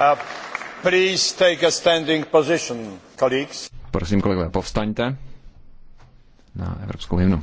Uh, please take a standing position, colleagues. Prosím, kolegové, povstaňte na evropskou hymnu.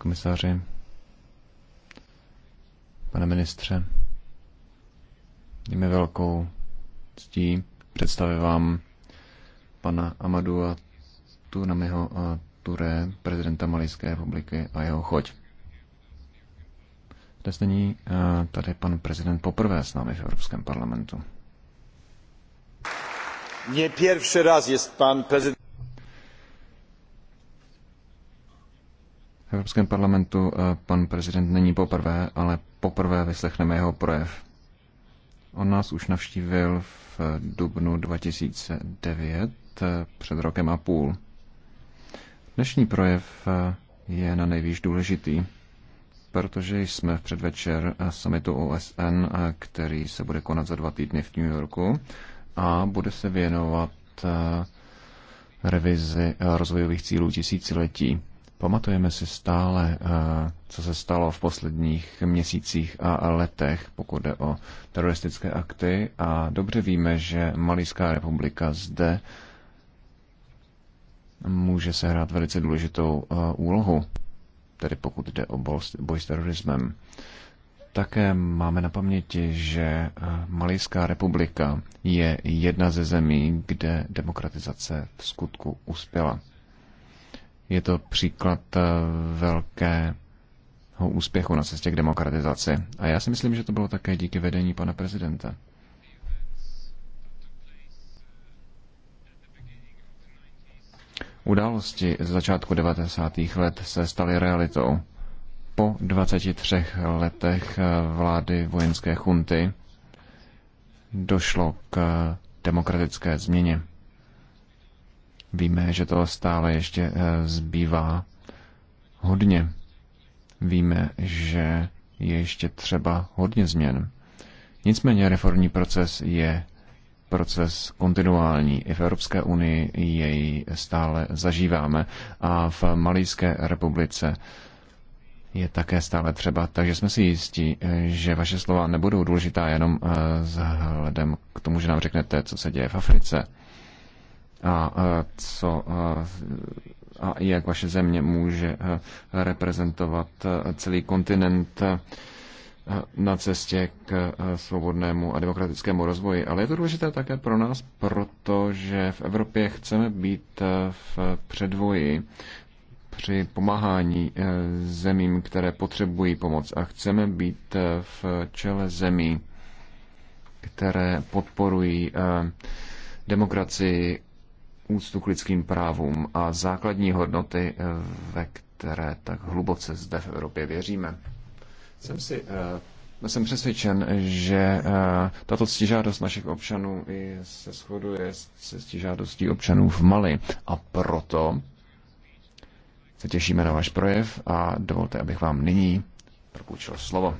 komisaři, pane ministře, je mi velkou ctí představit vám pana Amadua Tunamiho Ture, prezidenta Malijské republiky a jeho choď. Dnes není eh, tady pan prezident poprvé s námi v Evropském parlamentu. Nie pierwszy raz jest pan prezydent. V Evropském parlamentu eh, pan prezident není poprvé, ale poprvé vyslechneme jeho projev. On nás už navštívil v eh, dubnu 2009, eh, před rokem a půl. Dnešní projev je na nejvíc důležitý, protože jsme v předvečer summitu OSN, který se bude konat za dva týdny v New Yorku a bude se věnovat revizi rozvojových cílů tisíciletí. Pamatujeme si stále, eh, co se stalo v posledních měsících a letech, pokud jde o teroristické akty a dobře víme, že Malijská republika zde může se hrát velice důležitou eh, úlohu, tedy pokud jde o boj s terorismem. Také máme na paměti, že eh, Malijská republika je jedna ze zemí, kde demokratizace v skutku uspěla. Je to příklad eh, velkého úspěchu na cestě k demokratizaci. A já si myslím, že to bylo také díky vedení pana prezidenta. Události z začátku 90. let se staly realitou. Po 23 letech eh, vlády vojenské chunty došlo k eh, demokratické změně. Víme, že toho stále ještě eh, zbývá hodně. Víme, že je ještě třeba hodně změn. Nicméně reformní proces je proces kontinuální. I v Evropské unii jej stále zažíváme a v Malijské republice je také stále třeba. Takže jsme si jistí, eh, že vaše slova nebudou důležitá jenom eh, vzhledem k tomu, že nám řeknete, co se děje v Africe a eh, co eh, a jak vaše země může eh, reprezentovat celý kontinent na cestě k svobodnému a demokratickému rozvoji. Ale je to důležité také pro nás, protože v Evropě chceme být v předvoji při pomáhání zemím, které potřebují pomoc a chceme být v čele zemí, které podporují demokracii úctu k lidským právům a základní hodnoty, eh, ve které tak hluboce zde v Evropě věříme. Jsem si eh, jsem přesvědčen, že eh, tato ctižádost našich občanů i se shoduje se ctižádostí občanů v Mali. A proto se těšíme na váš projev a dovolte, abych vám nyní propůjčil slovo.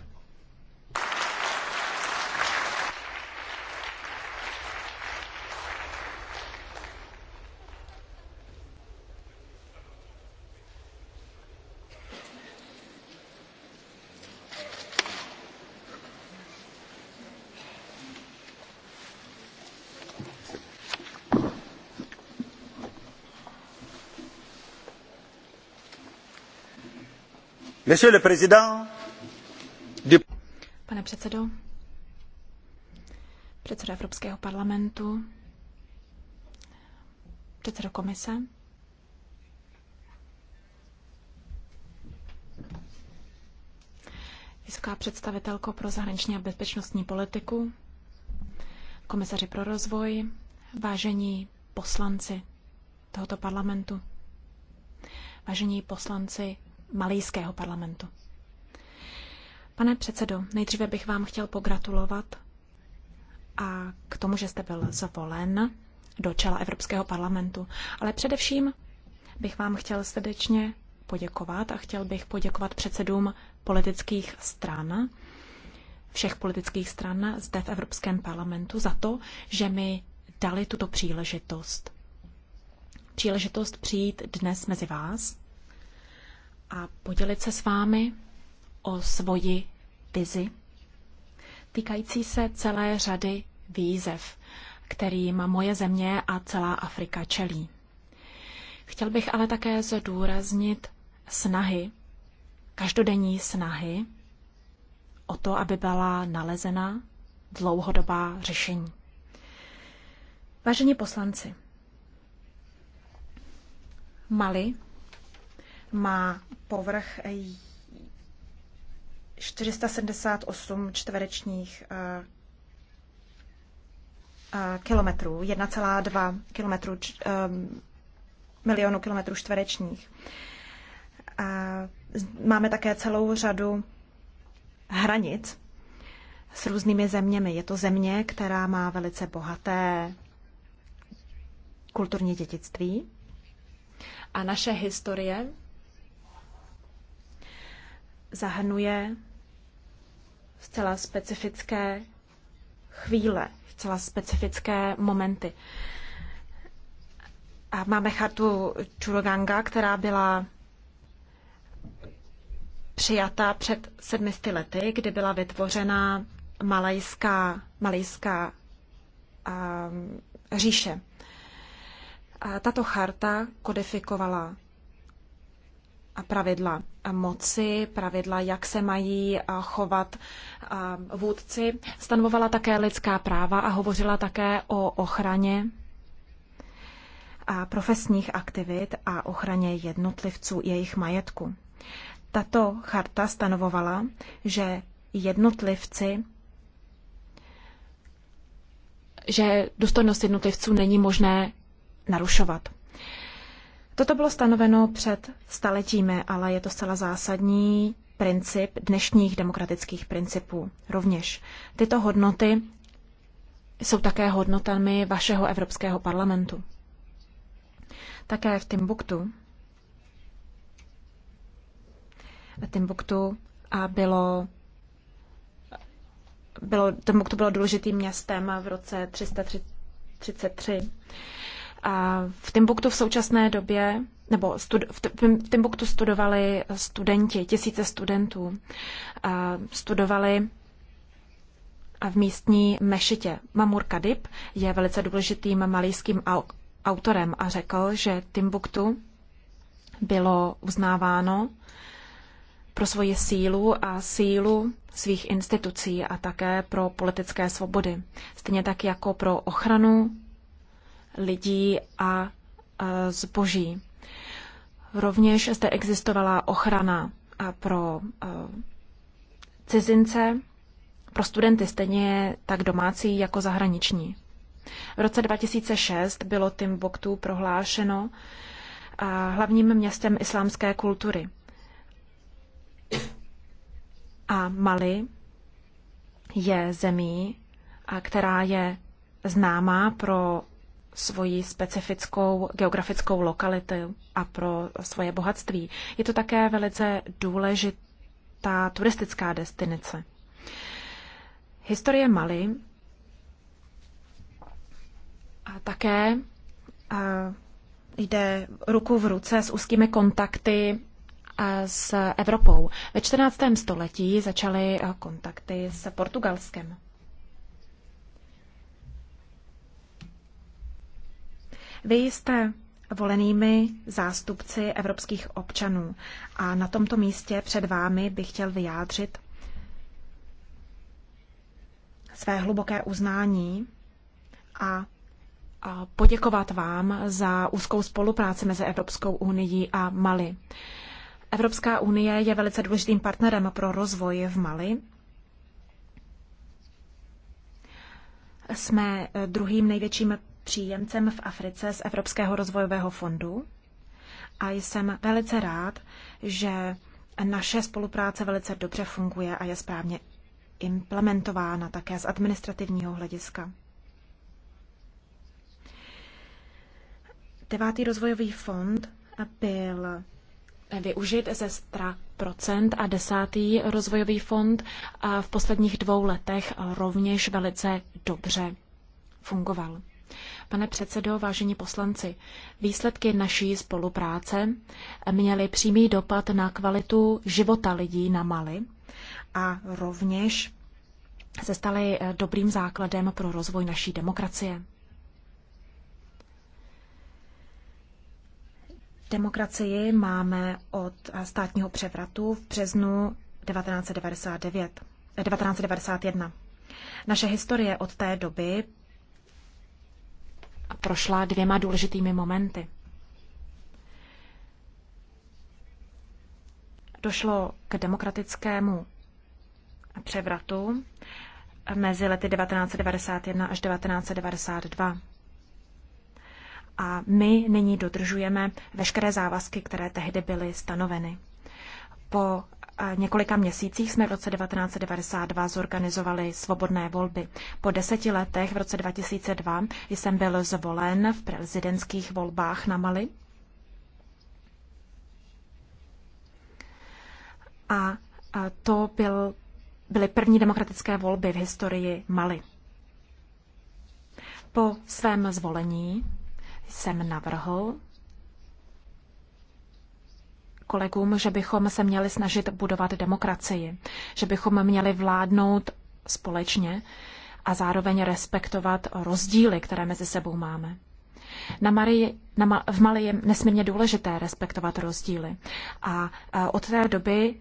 Pane předsedo, předseda Evropského parlamentu, předsedo komise, vysoká představitelko pro zahraniční a bezpečnostní politiku, komisaři pro rozvoj, vážení poslanci tohoto parlamentu, vážení poslanci malijského parlamentu. Pane předsedo, nejdříve bych vám chtěl pogratulovat a k tomu, že jste byl zvolen do čela Evropského parlamentu. Ale především bych vám chtěl srdečně poděkovat a chtěl bych poděkovat předsedům politických stran, všech politických stran zde v Evropském parlamentu za to, že mi dali tuto příležitost. Příležitost přijít dnes mezi vás a podělit se s vámi o svoji vizi týkající se celé řady výzev, kterým moje země a celá Afrika čelí. Chtěl bych ale také zdůraznit snahy, každodenní snahy o to, aby byla nalezena dlouhodobá řešení. Vážení poslanci, Mali má povrch 478 eh, čtverečních eh, eh, kilometrů, 1,2 kilometru, milionu kilometrů čtverečních. Máme také celou řadu hranic s různými zeměmi. Je to země, která má velice bohaté kulturní dědictví a naše historie zahrnuje zcela specifické chvíle, zcela specifické momenty. A máme chartu Churoganga, která byla přijata před sedmisty lety, kdy byla vytvořena malajská, malajská a, říše. A tato charta kodifikovala pravidla moci, pravidla, jak se mají chovat vůdci. Stanovovala také lidská práva a hovořila také o ochraně profesních aktivit a ochraně jednotlivců jejich majetku. Tato charta stanovovala, že jednotlivci že důstojnost jednotlivců není možné narušovat. Toto bylo stanoveno před staletími, ale je to zcela zásadní princip dnešních demokratických principů. Rovněž tyto hodnoty jsou také hodnotami vašeho Evropského parlamentu. Také v Timbuktu. Timbuktu a bylo bylo, Timbuktu bylo důležitým městem v roce 333. V Timbuktu v současné době, nebo v Timbuktu studovali studenti, tisíce studentů, studovali v místní mešitě. Mamur Kadib je velice důležitým malijským autorem a řekl, že Timbuktu bylo uznáváno pro svoji sílu a sílu svých institucí a také pro politické svobody, stejně tak jako pro ochranu lidí a zboží. Rovněž zde existovala ochrana pro cizince, pro studenty stejně tak domácí jako zahraniční. V roce 2006 bylo Timbuktu prohlášeno hlavním městem islámské kultury. A Mali je zemí, která je známá pro svoji specifickou geografickou lokalitu a pro svoje bohatství. Je to také velice důležitá turistická destinace. Historie Mali a také a jde ruku v ruce s úzkými kontakty s Evropou. Ve 14. století začaly kontakty s Portugalskem. Vy jste volenými zástupci evropských občanů a na tomto místě před vámi bych chtěl vyjádřit své hluboké uznání a poděkovat vám za úzkou spolupráci mezi Evropskou unii a Mali. Evropská unie je velice důležitým partnerem pro rozvoj v Mali. Jsme druhým největším příjemcem v Africe z Evropského rozvojového fondu a jsem velice rád, že naše spolupráce velice dobře funguje a je správně implementována také z administrativního hlediska. Devátý rozvojový fond byl využit ze stra procent a desátý rozvojový fond v posledních dvou letech rovněž velice dobře fungoval. Pane předsedo, vážení poslanci, výsledky naší spolupráce měly přímý dopad na kvalitu života lidí na Mali a rovněž se staly eh, dobrým základem pro rozvoj naší demokracie. Demokracii máme od eh, státního převratu v březnu 1999, 1991. Eh, Naše historie od té doby prošla dvěma důležitými momenty. Došlo k demokratickému převratu mezi lety 1991 až 1992. A my nyní dodržujeme veškeré závazky, které tehdy byly stanoveny. Po několika měsících jsme v roce 1992 zorganizovali svobodné volby. Po deseti letech v roce 2002 jsem byl zvolen v prezidentských volbách na Mali. A to byl, byly první demokratické volby v historii Mali. Po svém zvolení jsem navrhl kolegům, že bychom se měli snažit budovat demokracii, že bychom měli vládnout společně a zároveň respektovat rozdíly, které mezi sebou máme. Na Marii, na Ma, v Mali je nesmírně důležité respektovat rozdíly. A, a od té doby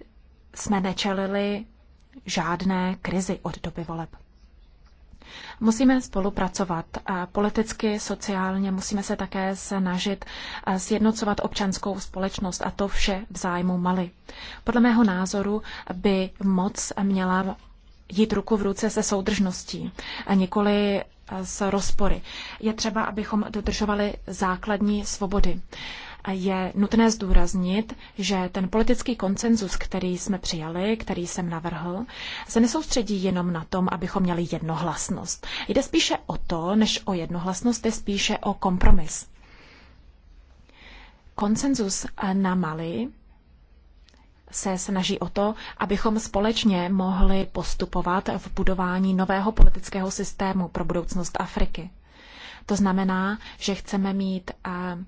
jsme nečelili žádné krizi od doby voleb. Musíme spolupracovat politicky, sociálně, musíme se také snažit sjednocovat občanskou společnost a to vše v zájmu Mali. Podle mého názoru by moc měla jít ruku v ruce se soudržností a nikoli s rozpory. Je třeba, abychom dodržovali základní svobody je nutné zdůraznit, že ten politický koncenzus, který jsme přijali, který jsem navrhl, se nesoustředí jenom na tom, abychom měli jednohlasnost. Jde spíše o to, než o jednohlasnost, jde spíše o kompromis. Koncenzus na Mali se snaží o to, abychom společně mohli postupovat v budování nového politického systému pro budoucnost Afriky. To znamená, že chceme mít eh,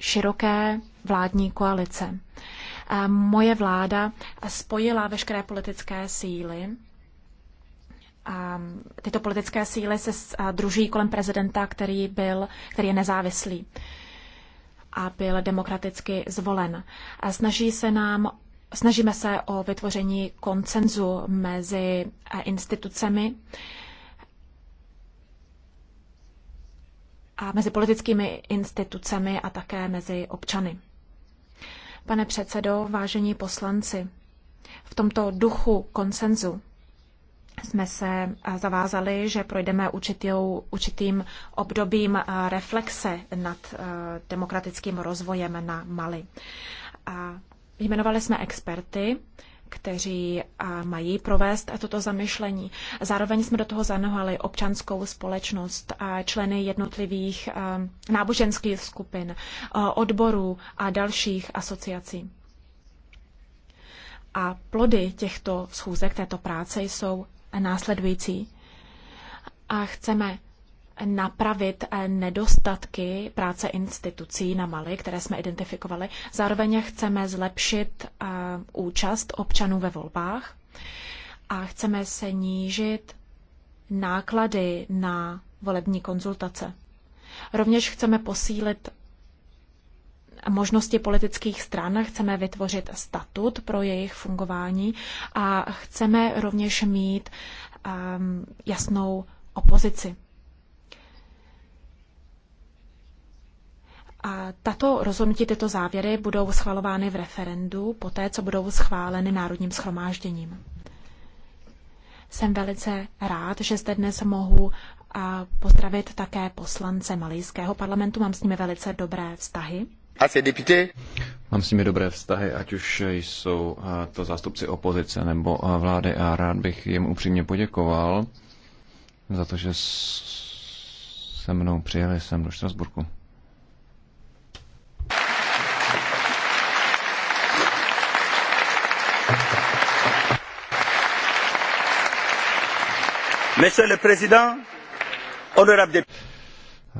široké vládní koalice. Moje vláda spojila veškeré politické síly. Tyto politické síly se druží kolem prezidenta, který, byl, který je nezávislý a byl demokraticky zvolen. Snaží se nám Snažíme se o vytvoření koncenzu mezi institucemi, a mezi politickými institucemi a také mezi občany. Pane předsedo, vážení poslanci, v tomto duchu konsenzu jsme se eh, zavázali, že projdeme určitou, určitým obdobím eh, reflexe nad eh, demokratickým rozvojem na Mali. Jmenovali jsme experty, kteří mají provést toto zamyšlení. Zároveň jsme do toho zanohali občanskou společnost, členy jednotlivých náboženských skupin, odborů a dalších asociací. A plody těchto schůzek, této práce jsou následující. A chceme napravit eh, nedostatky práce institucí na Mali, které jsme identifikovali. Zároveň chceme zlepšit eh, účast občanů ve volbách a chceme snížit náklady na volební konzultace. Rovněž chceme posílit možnosti politických stran, chceme vytvořit statut pro jejich fungování a chceme rovněž mít um, jasnou opozici. A tato rozhodnutí, tyto závěry budou schvalovány v referendu, poté co budou schváleny Národním schromážděním. Jsem velice rád, že zde dnes mohu a pozdravit také poslance malijského parlamentu. Mám s nimi velice dobré vztahy. Mám s nimi dobré vztahy, ať už jsou to zástupci opozice nebo vlády a rád bych jim upřímně poděkoval za to, že se mnou přijeli sem do Štrasburku.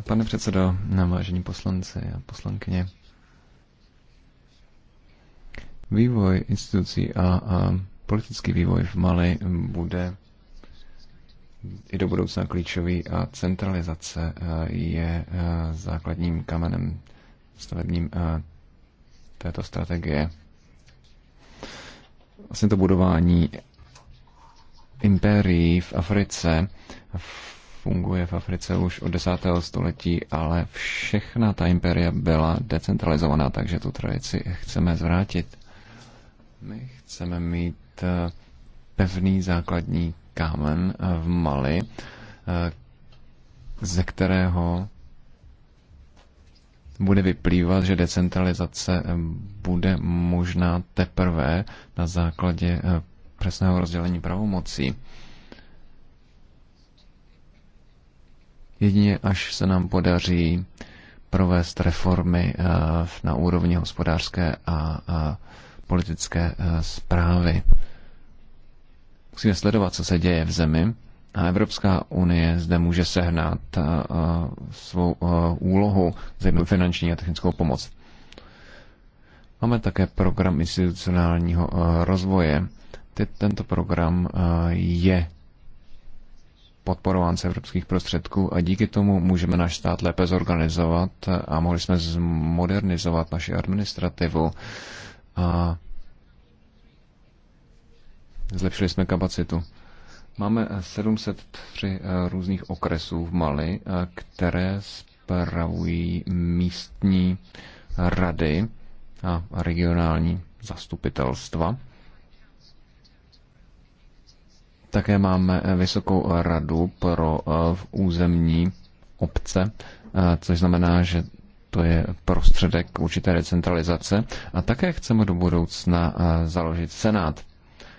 Pane předsedo, vážení poslanci a poslankyně, vývoj institucí a, a politický vývoj v Mali bude i do budoucna klíčový a centralizace je základním kamenem stavebním této strategie. Vlastně to budování impérií v Africe funguje v Africe už od 10. století, ale všechna ta impéria byla decentralizovaná, takže tu tradici chceme zvrátit. My chceme mít eh, pevný základní kámen eh, v Mali, eh, ze kterého bude vyplývat, že decentralizace bude možná teprve na základě přesného rozdělení pravomocí. Jedině až se nám podaří provést reformy eh, na úrovni hospodářské a politické zprávy. Eh, Musíme sledovat, co se děje v zemi a Evropská unie zde může sehnat eh, svou úlohu, zejména finanční a technickou pomoc. Máme také program institucionálního rozvoje, ty, tento program eh, je podporován z evropských prostředků a díky tomu můžeme náš stát lépe zorganizovat a mohli jsme zmodernizovat naši administrativu a zlepšili jsme kapacitu. Máme 703 eh, různých okresů v Mali, eh, které spravují místní rady a regionální zastupitelstva. Také máme eh, Vysokou radu pro eh, územní obce, eh, což znamená, že to je prostředek určité decentralizace. A také chceme do budoucna založit Senát,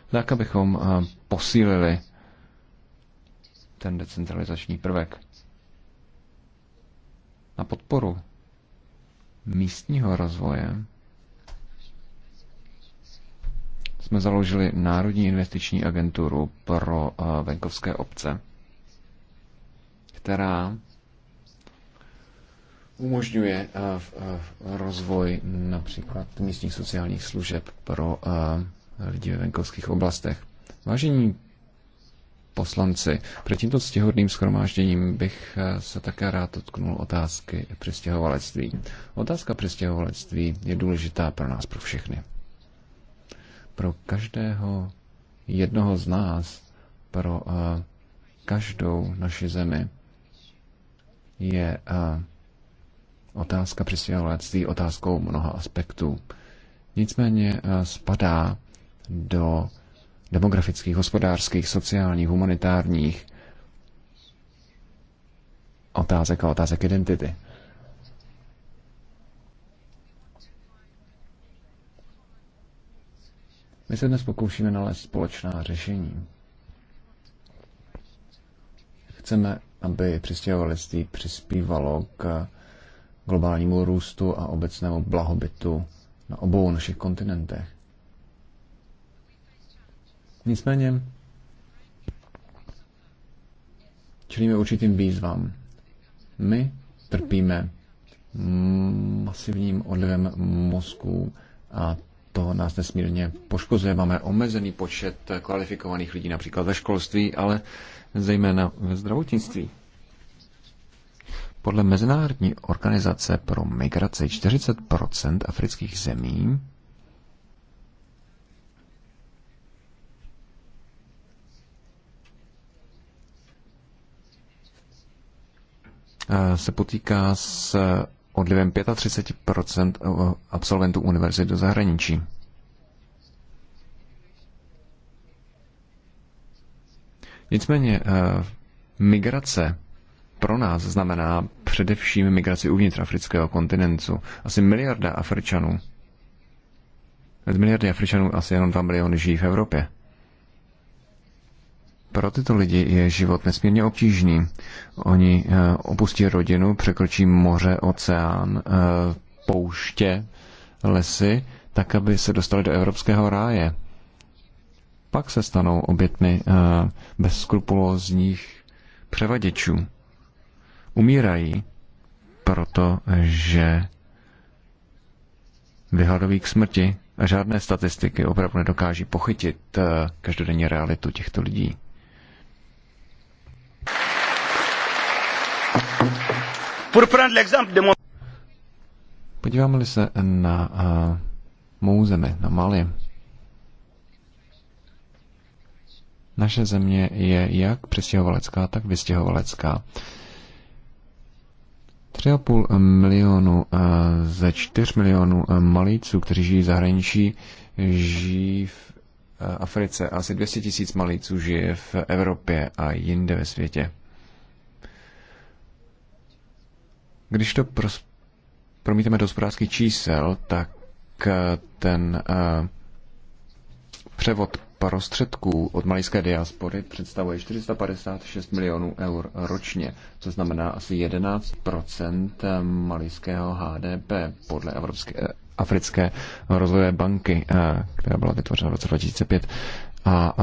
tak abychom posílili ten decentralizační prvek. Na podporu místního rozvoje jsme založili Národní investiční agenturu pro eh, venkovské obce, která umožňuje eh, eh, rozvoj například místních sociálních služeb pro lidi ve venkovských oblastech. Vážení poslanci, před tímto ctihodným schromážděním bych se také rád dotknul otázky přistěhovalectví. Otázka přistěhovalectví je důležitá pro nás, pro všechny pro každého jednoho z nás, pro eh, každou naši zemi, je eh, otázka přesvědčení otázkou mnoha aspektů. Nicméně eh, spadá do demografických, hospodářských, sociálních, humanitárních otázek a otázek identity. My se dnes pokoušíme nalézt společná řešení. Chceme, aby přistěhovalectví přispívalo k globálnímu růstu a obecnému blahobytu na obou našich kontinentech. Nicméně čelíme určitým výzvám. My trpíme masivním odlivem mozku a to nás nesmírně poškozuje. Máme omezený počet kvalifikovaných lidí například ve školství, ale zejména ve zdravotnictví. Podle Mezinárodní organizace pro migraci 40 afrických zemí se potýká s odlivem 35% absolventů univerzit do zahraničí. Nicméně eh, migrace pro nás znamená především migraci uvnitř afrického kontinentu. Asi miliarda Afričanů. Z miliardy Afričanů asi jenom 2 miliony žijí v Evropě. Pro tyto lidi je život nesmírně obtížný. Oni eh, opustí rodinu, překročí moře, oceán, eh, pouště, lesy, tak, aby se dostali do evropského ráje. Pak se stanou obětmi eh, bezskrupulózních převaděčů. Umírají, protože vyhladoví k smrti a žádné statistiky opravdu nedokáží pochytit každodenní realitu těchto lidí. Podíváme-li se na uh, mou zemi, na Mali. Naše země je jak přistěhovalecká, tak vystěhovalecká. 3,5 milionu eh, ze 4 milionů eh, malíců, kteří žijí v zahraničí, žijí v Africe. Asi 200 tisíc malíců žije v Evropě a jinde ve světě. Když to pros- promíteme do hospodářských čísel, tak eh, ten eh, převod prostředků od malijské diaspory představuje 456 milionů eur ročně, co znamená asi 11 eh, malijského HDP podle Evropské, Africké rozvojové banky, která byla vytvořena v roce 2005. A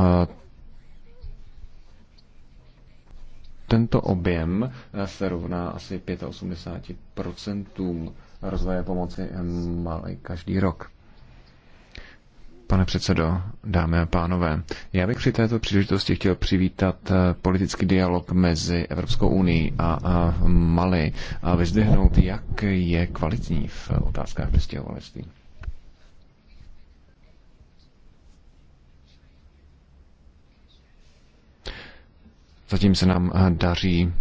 Tento objem eh, se rovná asi 85% rozvoje pomoci eh, malé každý rok. Pane předsedo, dámy a pánové, já bych při této příležitosti chtěl přivítat eh, politický dialog mezi Evropskou unii a, Mali a vyzdvihnout, jak je kvalitní v otázkách přistěhovalectví. Zatím se nám eh, daří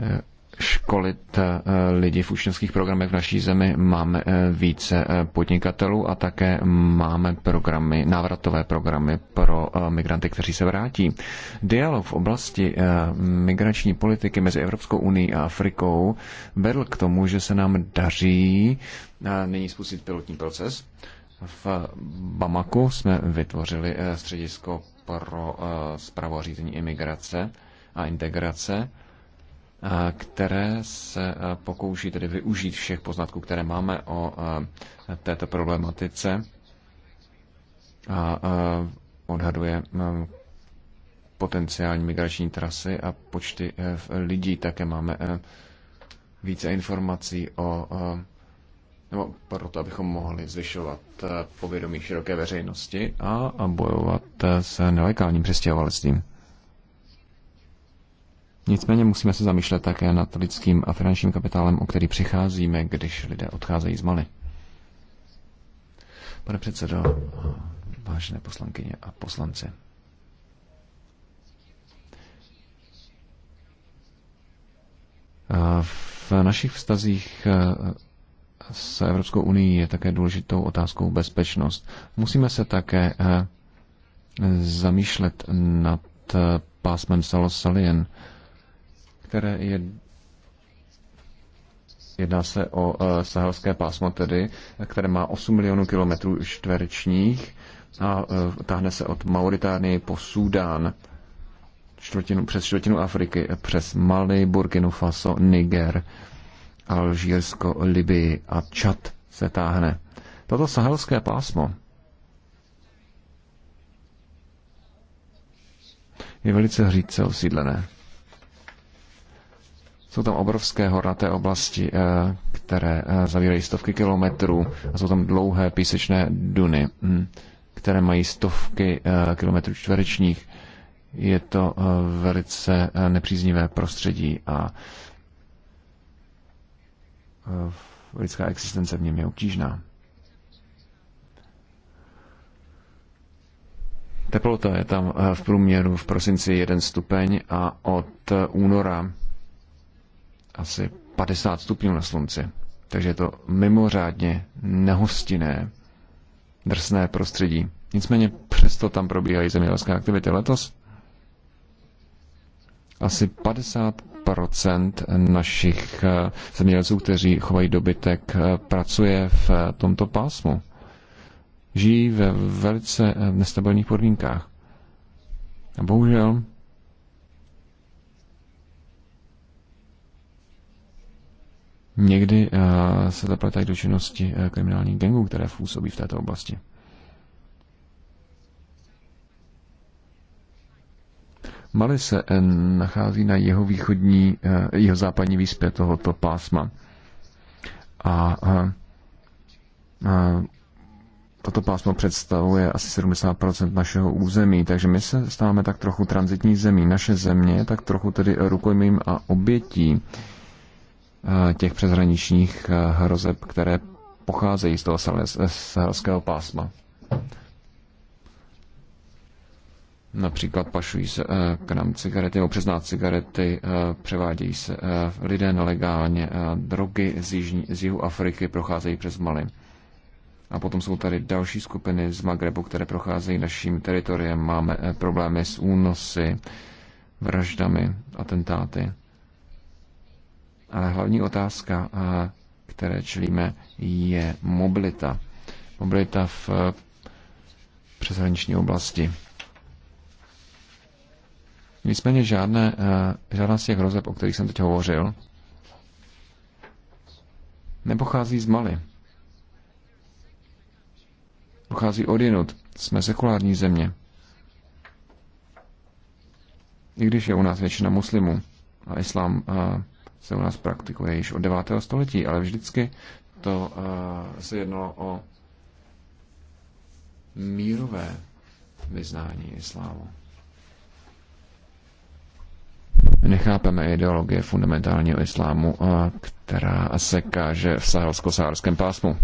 eh, školit eh, lidi v učňovských programech v naší zemi. Máme více podnikatelů a také máme programy, návratové programy pro migranty, kteří se vrátí. Dialog v oblasti migrační politiky mezi Evropskou unii a Afrikou vedl k tomu, že se nám daří nyní spustit pilotní proces. V Bamaku jsme vytvořili středisko pro eh, zprávu a řízení imigrace a integrace, eh, které se eh, pokouší tedy využít všech poznatků, které máme o této problematice a odhaduje hm, potenciální migrační trasy a počty lidí. Také máme více informací o nebo proto, abychom mohli zvyšovat eh, povědomí široké veřejnosti a bojovat eh, s nelegálním přestěhovalstvím. Nicméně musíme se zamýšlet také nad lidským a finančním kapitálem, o který přicházíme, když lidé odcházejí z Mali. Pane předsedo, vážené poslankyně a poslanci. Eh, v našich vztazích s Evropskou unii je také důležitou otázkou bezpečnost. Musíme se také eh, zamýšlet nad eh, pásmem Salosalien, které je Jedná se o eh, sahelské pásmo tedy, které má 8 milionů kilometrů čtverečních a táhne se od Mauritánie po Súdán, čtvrtinu, přes čtvrtinu Afriky, přes Mali, Burkina Faso, Niger, Alžírsko, Libii a Čad se táhne. Toto sahelské pásmo je velice hřídce osídlené. Jsou tam obrovské hornaté oblasti, eh, které eh, zavírají stovky kilometrů a jsou tam dlouhé písečné duny, hm, které mají stovky eh, kilometrů čtverečních. Je to velice nepříznivé prostředí a Eh, lidská existence v něm je obtížná. Teplota je tam eh, v průměru v prosinci 1 stupeň a od eh, února asi 50 stupňů na slunci. Takže je to mimořádně nehostinné, drsné prostředí. Nicméně přesto tam probíhají zemědělské aktivity. Letos asi 50 procent našich eh, zemědělců, kteří chovají dobytek, eh, pracuje v eh, tomto pásmu. Žijí ve velice nestabilních podmínkách. A bohužel někdy se zapletají do činnosti kriminálních gangů, které působí v této oblasti. Mali se eh, nachází na jeho východní, eh, jeho západní výspě tohoto pásma. A, a, eh, a toto pásmo představuje asi 70% našeho území, takže my se stáváme tak trochu transitní zemí. Naše země je tak trochu tedy rukojmím a obětí těch přeshraničních hrozeb, které pocházejí z toho sahelského pásma. Například pašují se eh, k nám cigarety nebo přes nás cigarety, eh, převádějí se eh, lidé nelegálně, drogy z, jižní, z jihu Afriky procházejí přes Mali. A potom jsou tady další skupiny z Magrebu, které procházejí naším teritoriem. Máme problémy s únosy, vraždami, atentáty. Ale hlavní otázka, které čelíme, je mobilita. Mobilita v přeshraniční oblasti. Nicméně žádné, eh, žádná z těch hrozeb, o kterých jsem teď hovořil, nepochází z Mali. Pochází od jinut. Jsme sekulární země. I když je u nás většina muslimů a islám a eh, se u nás praktikuje již od 9. století, ale vždycky to eh, se jednalo o mírové vyznání islámu nechápeme ideologie fundamentálního islámu, která se káže v sahelsko saharském pásmu.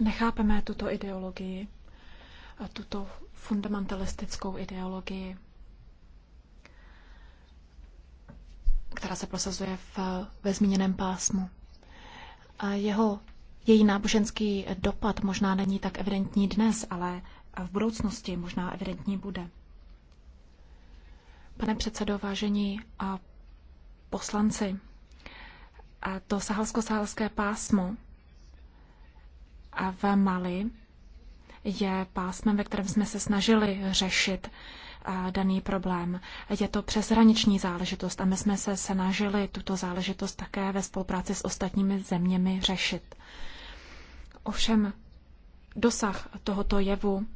Nechápeme tuto ideologii, tuto fundamentalistickou ideologii, která se prosazuje v, ve zmíněném pásmu. A jeho, její náboženský dopad možná není tak evidentní dnes, ale a v budoucnosti možná evidentní bude. Pane předsedo, vážení a poslanci, a to sahalsko-sahalské pásmo a v Mali je pásmem, ve kterém jsme se snažili řešit daný problém. Je to přeshraniční záležitost a my jsme se snažili tuto záležitost také ve spolupráci s ostatními zeměmi řešit. Ovšem dosah tohoto jevu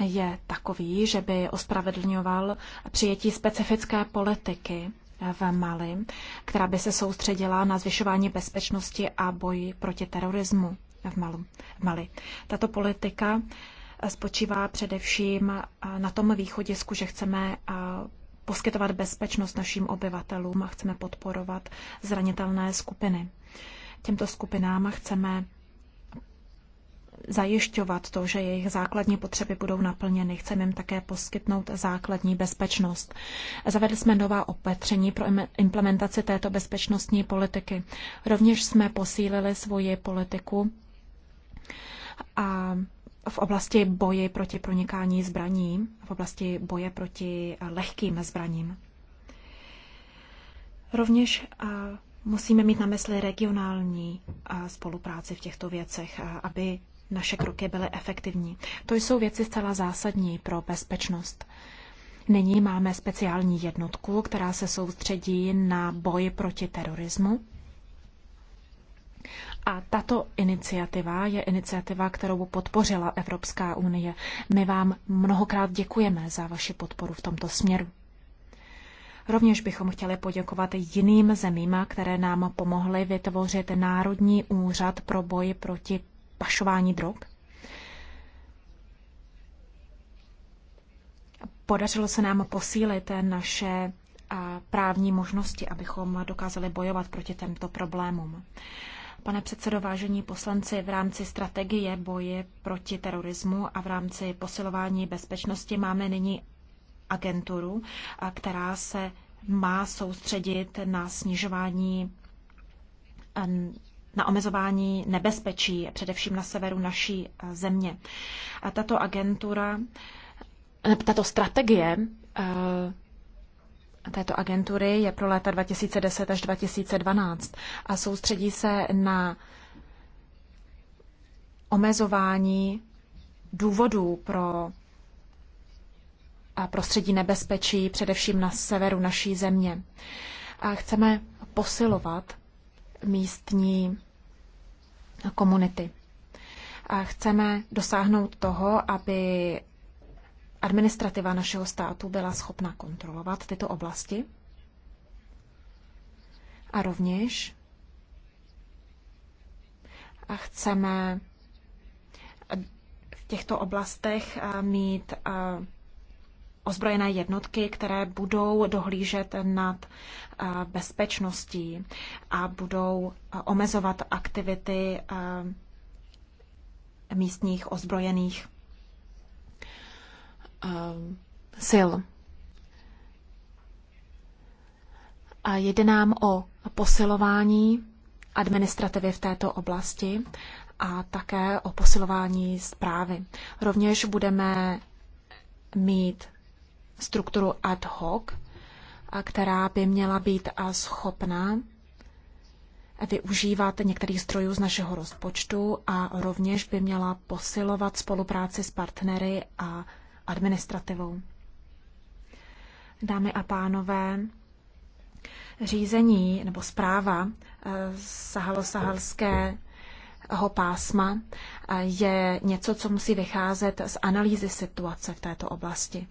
je takový, že by ospravedlňoval přijetí specifické politiky v Mali, která by se soustředila na zvyšování bezpečnosti a boji proti terorismu v, Malu, v Mali. Tato politika eh, spočívá především eh, na tom východisku, že chceme eh, poskytovat bezpečnost našim obyvatelům a chceme podporovat zranitelné skupiny. Těmto skupinám chceme zajišťovat to, že jejich základní potřeby budou naplněny. Chceme jim také poskytnout základní bezpečnost. Zavedli jsme nová opatření pro implementaci této bezpečnostní politiky. Rovněž jsme posílili svoji politiku a v oblasti boje proti pronikání zbraní, v oblasti boje proti lehkým zbraním. Rovněž musíme mít na mysli regionální spolupráci v těchto věcech, aby naše kroky byly efektivní. To jsou věci zcela zásadní pro bezpečnost. Nyní máme speciální jednotku, která se soustředí na boj proti terorismu. A tato iniciativa je iniciativa, kterou podpořila Evropská unie. My vám mnohokrát děkujeme za vaši podporu v tomto směru. Rovněž bychom chtěli poděkovat jiným zemím, které nám pomohly vytvořit Národní úřad pro boj proti pašování drog. Podařilo se nám posílit naše právní možnosti, abychom dokázali bojovat proti těmto problémům. Pane předsedo, vážení poslanci, v rámci strategie boje proti terorismu a v rámci posilování bezpečnosti máme nyní agenturu, která se má soustředit na snižování na omezování nebezpečí, především na severu naší eh, země. A tato agentura, eh, tato strategie eh, této agentury je pro léta 2010 až 2012 a soustředí se na omezování důvodů pro prostředí nebezpečí, především na severu naší země. A chceme posilovat místní komunity. A chceme dosáhnout toho, aby administrativa našeho státu byla schopna kontrolovat tyto oblasti a rovněž a chceme v těchto oblastech eh, mít eh, ozbrojené jednotky, které budou dohlížet nad eh, bezpečností a budou eh, omezovat aktivity eh, místních ozbrojených sil. A jde nám o posilování administrativy v této oblasti a také o posilování zprávy. Rovněž budeme mít strukturu ad hoc, a která by měla být a schopná využívat některých strojů z našeho rozpočtu a rovněž by měla posilovat spolupráci s partnery a administrativou. Dámy a pánové, řízení nebo zpráva e, sahalosahalské pásma e, je něco, co musí vycházet z analýzy situace v této oblasti.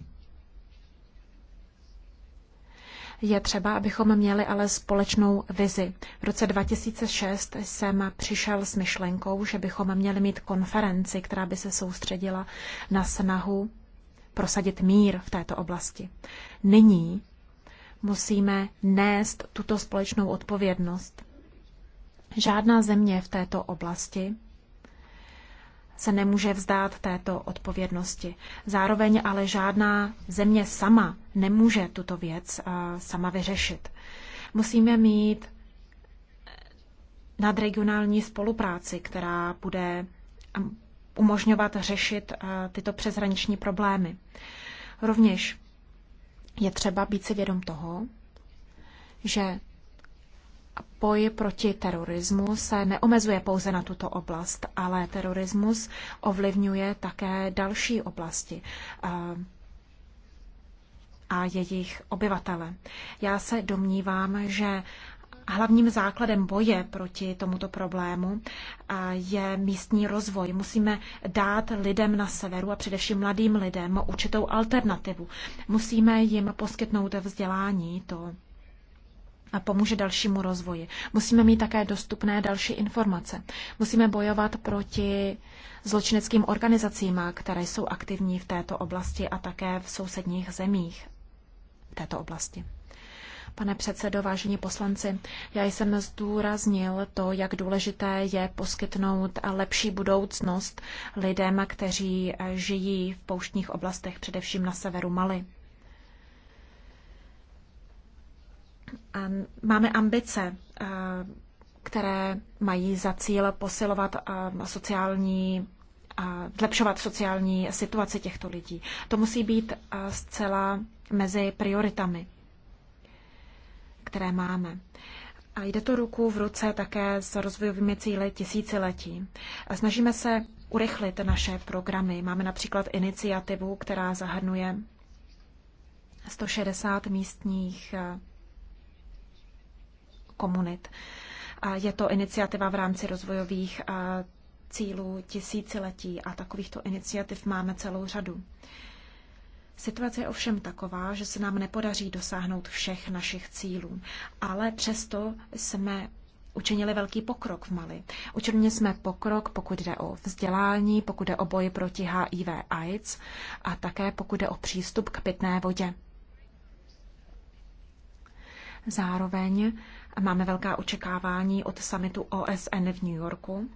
je třeba, abychom měli ale společnou vizi. V roce 2006 jsem přišel s myšlenkou, že bychom měli mít konferenci, která by se soustředila na snahu prosadit mír v této oblasti. Nyní musíme nést tuto společnou odpovědnost. Žádná země v této oblasti se nemůže vzdát této odpovědnosti. Zároveň ale žádná země sama nemůže tuto věc eh, sama vyřešit. Musíme mít nadregionální spolupráci, která bude umožňovat řešit eh, tyto přeshraniční problémy. Rovněž je třeba být si vědom toho, že boj proti terorismu se neomezuje pouze na tuto oblast, ale terorismus ovlivňuje také další oblasti eh, a jejich obyvatele. Já se domnívám, že hlavním základem boje proti tomuto problému eh, je místní rozvoj. Musíme dát lidem na severu a především mladým lidem určitou alternativu. Musíme jim poskytnout vzdělání, to a pomůže dalšímu rozvoji. Musíme mít také dostupné další informace. Musíme bojovat proti zločineckým organizacím, které jsou aktivní v této oblasti a také v sousedních zemích této oblasti. Pane předsedo, vážení poslanci, já jsem zdůraznil to, jak důležité je poskytnout lepší budoucnost lidem, kteří žijí v pouštních oblastech, především na severu Mali. Máme ambice, eh, které mají za cíl posilovat eh, sociální a eh, zlepšovat sociální situaci těchto lidí. To musí být zcela mezi prioritami, které máme. A jde to ruku v ruce také s rozvojovými cíly tisíciletí. Snažíme se urychlit naše programy. Máme například iniciativu, která zahrnuje 160 místních komunit. Je to iniciativa v rámci rozvojových cílů tisíciletí a takovýchto iniciativ máme celou řadu. Situace je ovšem taková, že se nám nepodaří dosáhnout všech našich cílů, ale přesto jsme učinili velký pokrok v Mali. Učinili jsme pokrok, pokud jde o vzdělání, pokud jde o boji proti HIV AIDS a také pokud jde o přístup k pitné vodě. Zároveň Máme velká očekávání od samitu OSN v New Yorku.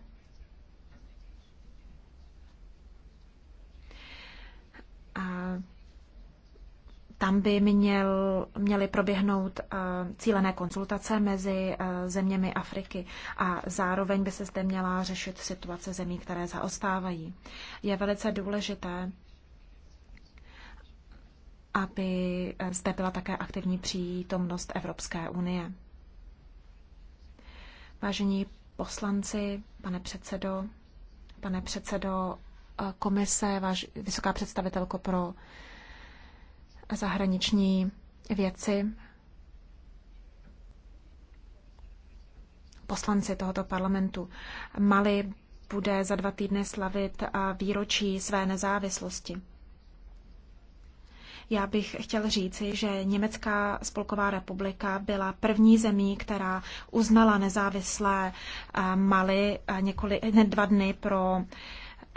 A tam by měl, měly proběhnout eh, cílené konzultace mezi eh, zeměmi Afriky a zároveň by se zde měla řešit situace zemí, které zaostávají. Je velice důležité, aby eh, zde byla také aktivní přítomnost Evropské unie. Vážení poslanci, pane předsedo, pane předsedo eh, komise, váš vysoká představitelko pro zahraniční věci, poslanci tohoto parlamentu. Mali bude za dva týdny slavit eh, výročí své nezávislosti. Já bych chtěl říci, že Německá spolková republika byla první zemí, která uznala nezávislé eh, Mali eh, několik, ne dva dny pro,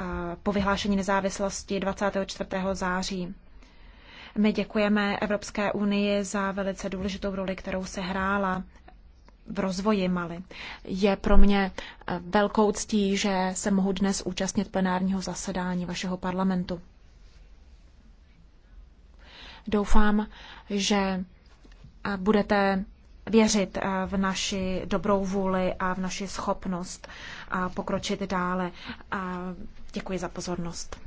eh, po vyhlášení nezávislosti 24. září. My děkujeme Evropské unii za velice důležitou roli, kterou se hrála v rozvoji Mali. Je pro mě velkou ctí, že se mohu dnes účastnit plenárního zasedání vašeho parlamentu. Doufám, že eh, budete věřit eh, v naši dobrou vůli a v naši schopnost eh, pokročit dále. Děkuji za pozornost.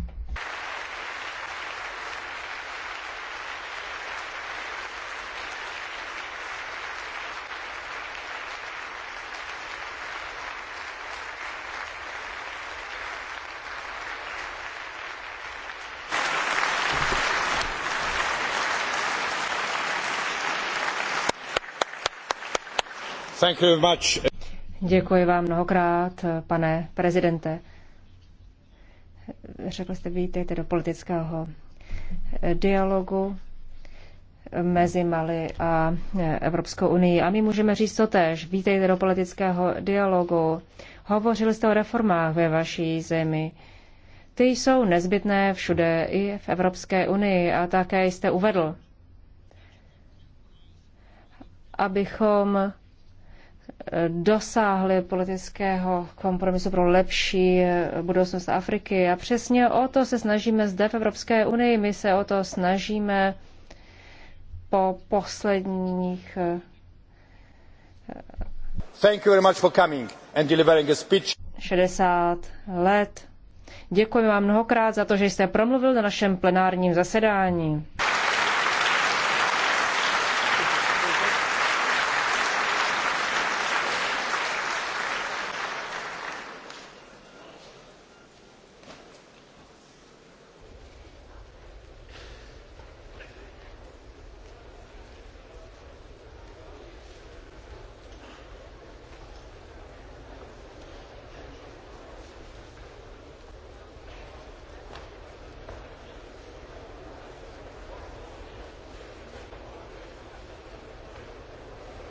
Thank you much. Děkuji vám mnohokrát, pane prezidente. Řekl jste, vítejte do politického dialogu mezi Mali a Evropskou unii. A my můžeme říct to tež. Vítejte do politického dialogu. Hovořili jste o reformách ve vaší zemi. Ty jsou nezbytné všude i v Evropské unii a také jste uvedl, abychom dosáhli politického kompromisu pro lepší budoucnost Afriky. A přesně o to se snažíme zde v Evropské unii. My se o to snažíme po posledních eh, Thank you very much for coming and delivering a speech. 60 let. Děkuji vám mnohokrát za to, že jste promluvil na našem plenárním zasedání.